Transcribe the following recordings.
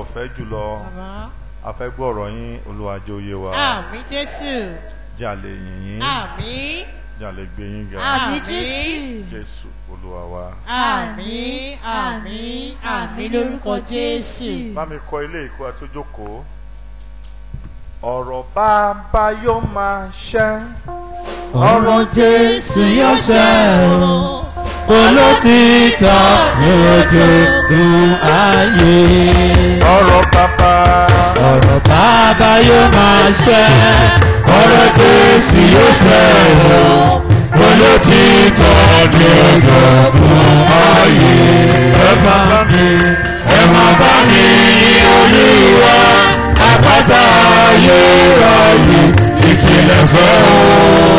ọ̀fẹ́ jùlọ afẹ́gbọ́rọ̀ yín Olúwa jẹ́ ó yé wa. àmín Jésù. jàlè yìnyín. àmín. jàlè gbé yín ga. àmín Jésù. Jésù Olúwa wa. àmín àmín àmín lórúkọ Jésù. bá mi kọ ilé ìkó àtójókòó. ọ̀rọ̀ bàbá yóò máa ṣẹ. ọ̀rọ̀ Jésù yóò ṣẹ o olótìtọ́ lójoojúmọ́ ayé. ọ̀rọ̀ bàbá. ọ̀rọ̀ bàbá yóò máa ṣẹ ọ̀rọ̀ Jésù yóò ṣẹ o olótìtọ́ lójoojúmọ́ ayé. ẹ máa mi ẹ máa bá mi Olúwa àpáta ayé rọ̀ ìkìlẹ̀ sọ́ọ́.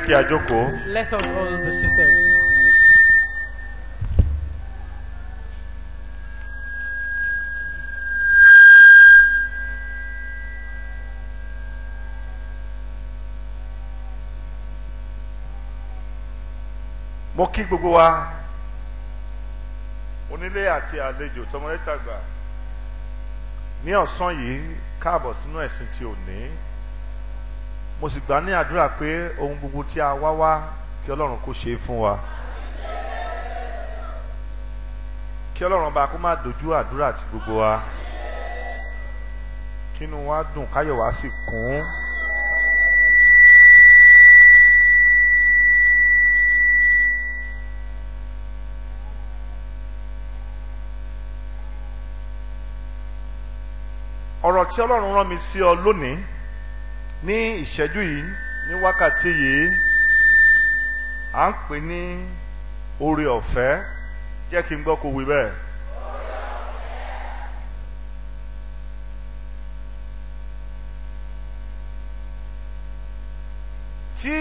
jẹ́ kí a jókòó. Let us all be seated. mo kí gbogbo wa onílé àti àlejò tọmọdé tàgbà ní ọ̀sán yìí káàbọ̀ sínú ẹ̀sìn ti òní mo sì gbà ní àdúrà pé ohun gbogbo tí a wá wá kí ọlọ́run kó ṣe fún wa kí ọlọ́run bá kó má dojú àdúrà ti gbogbo wa kínú wa dùn káyọ̀ wa sì kún. ọ̀rọ̀ tí ọlọ́run rán mi sí ọ lónìí ní ìṣẹ́jú yìí ní wákàtí yìí à ń pè ní oore ọ̀fẹ́ jẹ́ kí n gbọ́ kó wí bẹ́ẹ̀. tí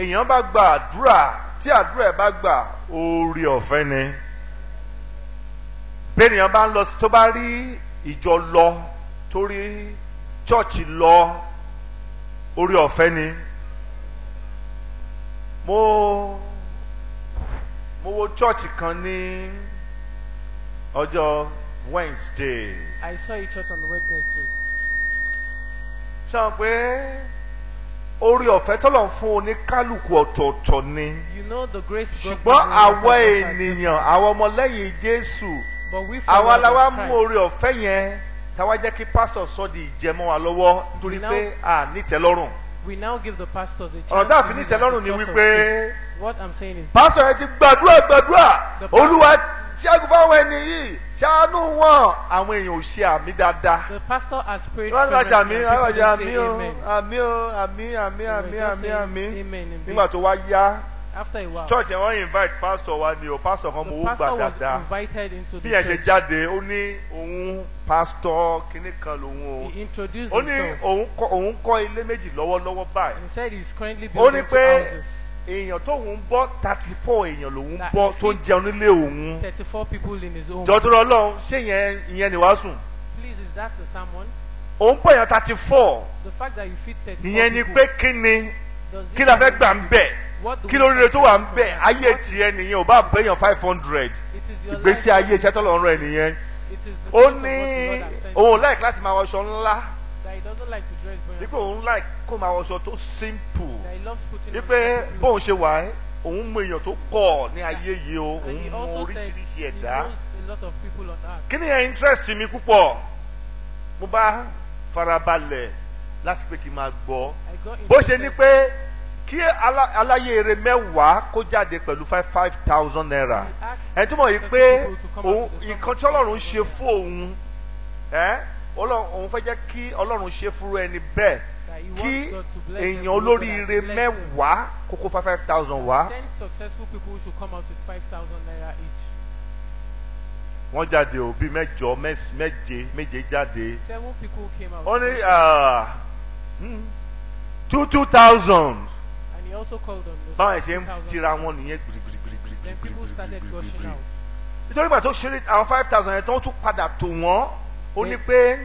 èèyàn bá gba àdúrà tí àdúrà ẹ̀ bá gba oore ọ̀fẹ́ ni bẹ́ẹ̀ ni èèyàn bá ń lọ sí tó bá rí ìjọ lọ torí chọ́ọ̀chì lọ orí ọ̀fẹ́ ni mo mo wo chọ́ọ̀chì kan ní ọjọ́ Wednesday. I saw you church on the Wednesday. sọ pé orí ọ̀fẹ́ tọ́lọ̀ ń fún oníkálukú ọ̀tọ̀ọ̀tọ̀ ni. you know the grace God ṣùgbọ́n àwọn ènìyàn àwọn ọmọlẹ́yìn Jésù àwọn aláwa mú orí ọ̀fẹ́ yẹn táwa jẹ́ kí pásítọ̀ sọ di ìjẹmọ́ wa lọ́wọ́ nítorí pé a nítẹ́lọ́rùn. we now give the pastors a chance. ọ̀rọ̀ tá a fi nítẹ́lọ́rùn ni wípé pásítọ̀ yẹn ti gbàdúrà gbàdúrà olúwa ṣẹ́gun fáwọn ẹni yìí ṣàánú wọn àwọn èèyàn ò ṣe àmì dáadáa. the pastor has prayed for them and people say amen. àmì o àmì o àmì àmì àmì àmì nígbà tó wá yá after a while. church ẹ wọ́n invite pastor wa ni o pastor kan mo wó gbà dáadáa bí ẹ ṣe jáde ó ní òun pastor kìnnì kan lòun o ó ní òun kọ́ ilé méjì lọ́wọ́lọ́wọ́ báyìí ó ní pé èèyàn tóun bọ́ thirty four èèyàn lòun bọ́ tó ń jẹun nílé òun jọ̀dúrọ̀ ọlọ́run ṣé ìyẹn ìyẹn ni wàá sùn. that the sermon. òun bọ̀ yẹn thirty four ìyẹn ni pé kí ni kí la fẹ́ gbà ń bẹ̀ kí ló rere tó wà ń bẹ ayé tiẹ̀ nìyẹn ò bá bẹyàn five hundred ìgbésí ayé iṣẹ́ tọlọ́run ẹ nìyẹn ó ní òun láìk láti máa wọṣọ ńlá wípé òun láìk kó máa wọṣọ tó simple wípé bóun ṣe wà ẹ́ òun mọ èèyàn tó pọ̀ ní ayé yìí o òun mọ oríṣiríṣi ẹ̀dá kí ni ẹ interest mi púpọ̀ mo bá farabalẹ̀ láti pé kí n máa gbọ́ bó ṣe ní pé kí aláyèrè mẹ́wàá kó jáde pẹ̀lú five five thousand naira ẹ túmọ̀ yìí pé nǹkan tí ọlọ́run ṣe fún òun ẹ òun fẹ́ jẹ́ kí ọlọ́run ṣe fúru ẹni bẹ́ẹ̀ kí èèyàn olóríire mẹ́wàá kókó five five thousand wá. ten successful people should come out with five thousand naira each. wọ́n jáde o bíi mẹ́jọ méje méje jáde. seven people came out. ó ní ah, hmm, two two thousand also called on those. báwọn ẹ̀ṣẹ̀ tira wọn nìyẹn gbìrìgbìrìgbìrì. nítorí ìgbà ṣeré àwọn five thousand yẹn tún padà tò wọ́n ó ní pé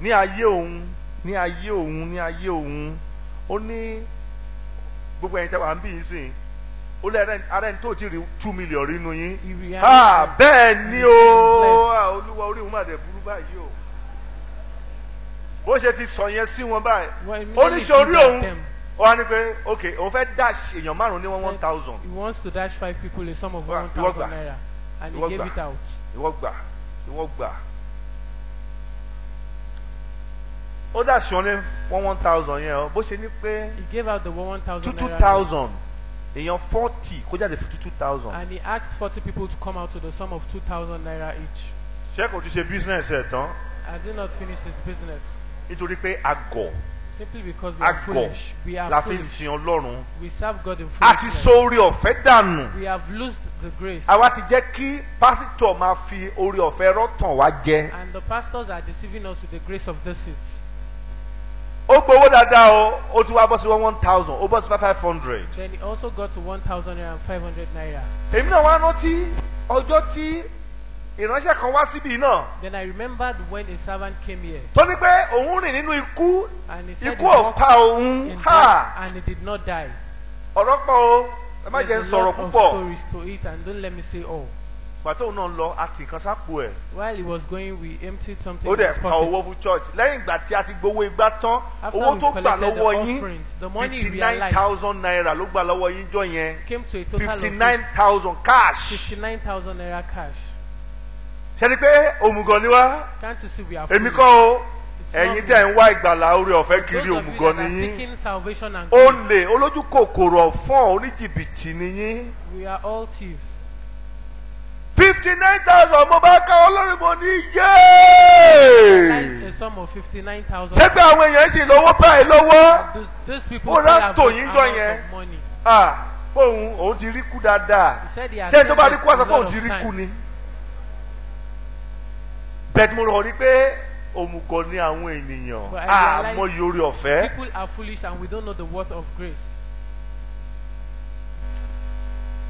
ní ayé òun ní ayé òun ní ayé òun ó ní gbogbo ẹ̀yin tẹ́wàá ń bí yín sìn ó lé ara ẹni tó ti rí two million rí yín bẹ́ẹ̀ ni o olúwa orí òun máa burú báyìí o bó ṣe ti sọ yẹn sí wọn báyìí ó òun ó wá ní pé ok òun fẹ́ dash èèyàn márùn ní one thousand. he wants to dash five people a sum of one thousand naira and he gave it out. ìwọ gbà ìwọ gbà ó dash wọn ní one one thousand yẹn o bó ṣe ní pé. he gave out the one one thousand naira. two two thousand èèyàn forty kó jáde fún two two thousand. and he asked forty people to come out to the sum of two thousand naira each. ṣé kò ti ṣe business ẹ̀ tán. has he not finished his business. nítorí pé àgọ̀ a gọ̀ la fi ń sin ọlọ́run a ti sọ orí ọ̀fẹ́ dànù àwa ti jẹ́ kí pásítọ̀ máa fi orí ọ̀fẹ́ rọ́tàn wá jẹ. and the pastors are deceiving us with the grace of this seat. ó gbowó dáadáa o ó ti wá bọ́ sí one thousand ó bọ́ sí five hundred. then he also got to one thousand and five hundred naira. èmi náà wá rántí ọjọ́ tí ìránṣẹ́ kan wá síbi náà. then I remembered when a servant came here. tó ní pé òun rìn nínú ikú ikú ò pa òun ha. and he did not die. ọ̀rọ̀ pọ̀ o ẹ má jẹ́ n sọ̀rọ̀ púpọ̀. there is a lot of stories to it and don't let me say all. pàtó òun náà lọ àti nǹkan sápò ẹ̀. while he was going we emptied something. ó dẹ̀ ka owó fún church lẹ́yìn ìgbà tí a ti gbowó igbá tán owó tó gbà lọ́wọ́ yín fifty nine thousand naira ló gbà lọ́wọ́ yín jọ yẹn fifty nine thousand cash. fifty nine thousand naira cash ṣẹ́ni pé òmùgọ̀ ni wá èmi kọ́ o ẹ̀yin tẹ̀ ń wá ìgbàlà orí ọ̀fẹ́ kiri òmùgọ̀ ni yín ó lè olójú kòkòrò ọ̀fọ́n oníjìbìtì ni yín. we are all fifty nine thousand mo bá ká ọlọ́run mo ní yéé. ṣé pé àwọn èèyàn sì lówó báyìí lówó ó rà tòyìn jọ yẹn ah òun òun ti rí kú dáadáa ṣé tó bá rí kú àṣà pé òun ti rí kú ni bẹ́ẹ̀ tí mo rọ̀ ni pé òmùgọ̀ ni àwọn ènìyàn àmọ́ ah, yorì ọ̀fẹ́. people are foolish and we don't know the worth of grace.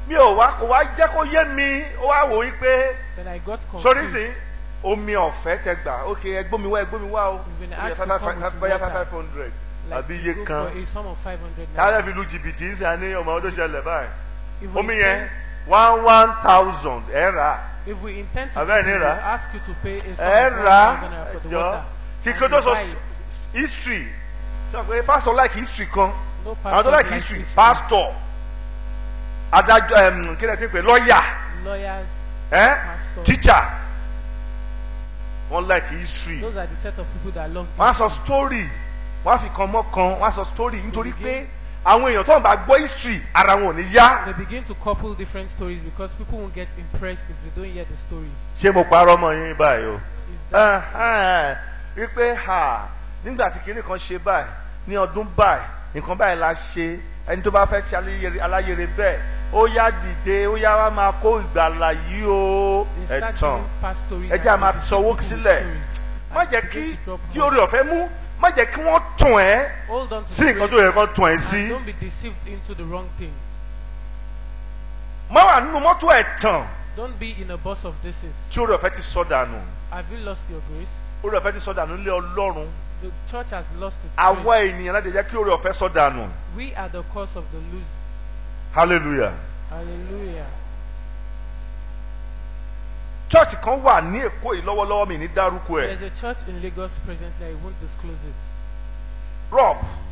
mi ò wá kò wá jẹ́ kó yé mi ó wá wò ó pé sori sí omi ọ̀fẹ́ tẹ gbà ok ẹgbọ́n mi wá ẹgbọ́n mi wá o bóyá five hundred àbí iye kan káyọ̀ fi lu jìbìtì ń sàn ní ọmọ ọdún ṣẹlẹ̀ báyìí omi yẹn one one thousand ẹ̀ rà á if we intend to pay, we ask you to pay a certain amount of water. ti kí o history sọ pastor like history kan àwọn tó like history pastor adájọ́ kí ni ẹ ti pè lọ́ọ̀yà eh? teacher wọ́n like history wọ́n á sọ story wọ́n á fi kan mọ́ kan wọ́n á sọ story nítorí pé àwọn èèyàn tó ń bá gbọ́ history ara wọn ò ní yá. they begin to couple different stories because people won't get impressed if they don't hear the stories. ṣé mo parọ́ mọ́ yín báyìí o wípé nígbà tí kinní kan ṣe báyìí ní ọdún báyìí nǹkan báyìí la ṣe ẹni tó bá fẹ́ ṣe aláyèrè bẹ́ẹ̀ ó yá dìde ó yá wá máa kó ìgbàlà yìí o ẹ̀tàn ẹ̀jẹ̀ á máa sọwọ́ sílẹ̀ má jẹ́ kí tí orí ọ̀fẹ́ mú má jẹ́ kí wọ́n tún ẹ́ sí nǹkan tó yẹ kó tún ẹ́ sí. don't be deceived into the wrong thing. má wà nínú mọ́tò ẹ̀ tàn. don't be in a bus of deceit. tí orí ọ̀fẹ́ ti sọ dànù. have you lost your grace? orí ọ̀fẹ́ ti sọ dànù lé Ọlọ́run. the church has lost its grace. àwa ènìyàn láti jẹ́ kí orí ọ̀fẹ́ sọ dànù. we are the cause of the lose. hallelujah. hallelujah church kan wà ní Èkó yìí lọ́wọ́lọ́wọ́ mi ní dárúkọ ẹ̀. there is a church in Lagos presently I won't disclose it. rob